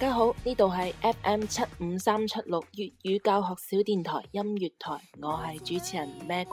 大家好，呢度係 FM 七五三七六粵語教學小電台音樂台，我係主持人咩君。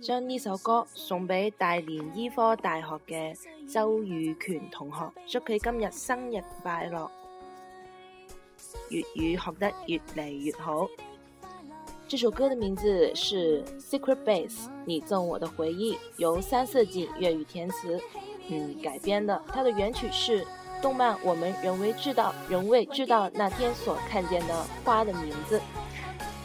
將呢首歌送俾大連醫科大學嘅周宇權同學，祝佢今日生日快樂，粵語學得越嚟越好。這首歌嘅名字是《Secret Base》，你贈我的回憶，由三色堇粵語填詞，嗯改編的。它的原曲是動漫《我們仍未知道仍未知道那天所看見的花的名字》。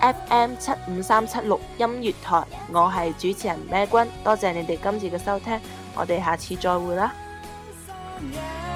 FM 七五三七六音樂台，我係主持人咩君，多謝你哋今次嘅收聽，我哋下次再會啦。